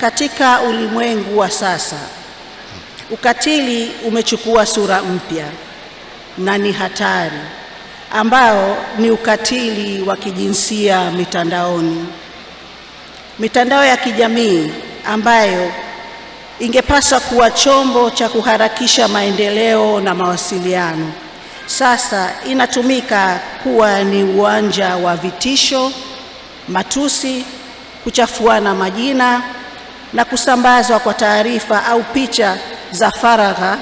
Katika ulimwengu wa sasa, ukatili umechukua sura mpya na ni hatari, ambao ni ukatili wa kijinsia mitandaoni. Mitandao ya kijamii ambayo ingepaswa kuwa chombo cha kuharakisha maendeleo na mawasiliano, sasa inatumika kuwa ni uwanja wa vitisho, matusi, kuchafuana majina na kusambazwa kwa taarifa au picha za faragha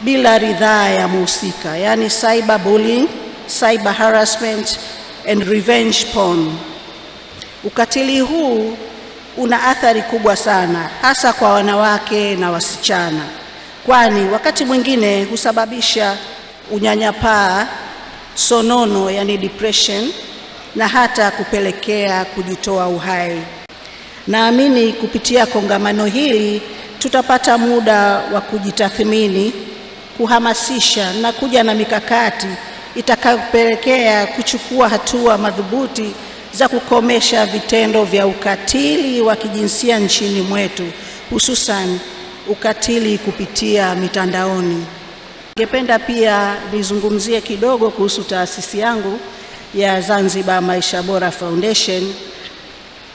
bila ridhaa ya muhusika, yani cyber bullying, cyber harassment and revenge porn. Ukatili huu una athari kubwa sana hasa kwa wanawake na wasichana, kwani wakati mwingine husababisha unyanyapaa, sonono, yani depression na hata kupelekea kujitoa uhai. Naamini kupitia kongamano hili tutapata muda wa kujitathmini, kuhamasisha na kuja na mikakati itakayopelekea kuchukua hatua madhubuti za kukomesha vitendo vya ukatili wa kijinsia nchini mwetu, hususan ukatili kupitia mitandaoni. Ningependa pia nizungumzie kidogo kuhusu taasisi yangu ya Zanzibar Maisha Bora Foundation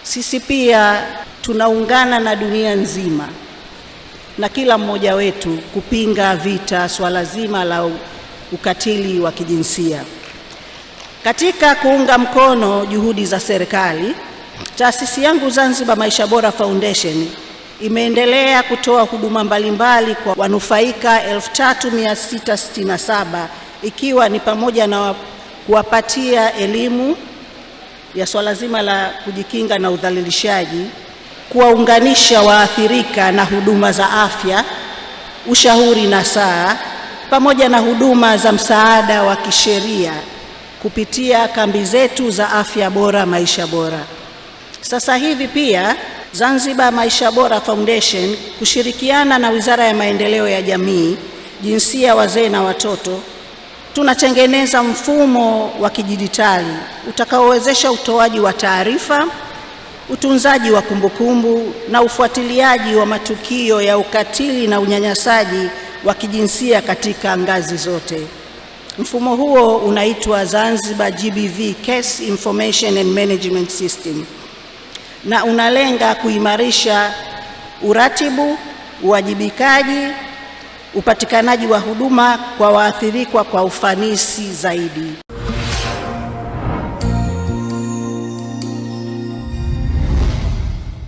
sisi pia tunaungana na dunia nzima na kila mmoja wetu kupinga vita swala zima la ukatili wa kijinsia. Katika kuunga mkono juhudi za serikali, taasisi yangu Zanzibar Maisha Bora Foundation imeendelea kutoa huduma mbalimbali kwa wanufaika 3667 ikiwa ni pamoja na kuwapatia elimu ya swala zima la kujikinga na udhalilishaji, kuwaunganisha waathirika na huduma za afya, ushauri na saa pamoja na huduma za msaada wa kisheria kupitia kambi zetu za afya bora maisha bora. Sasa hivi pia Zanzibar Maisha Bora Foundation kushirikiana na Wizara ya Maendeleo ya Jamii, Jinsia, Wazee na Watoto tunatengeneza mfumo wa kidijitali utakaowezesha utoaji wa taarifa, utunzaji wa kumbukumbu na ufuatiliaji wa matukio ya ukatili na unyanyasaji wa kijinsia katika ngazi zote. Mfumo huo unaitwa Zanzibar GBV Case Information and Management System na unalenga kuimarisha uratibu, uwajibikaji upatikanaji wa huduma kwa waathirikwa kwa ufanisi zaidi.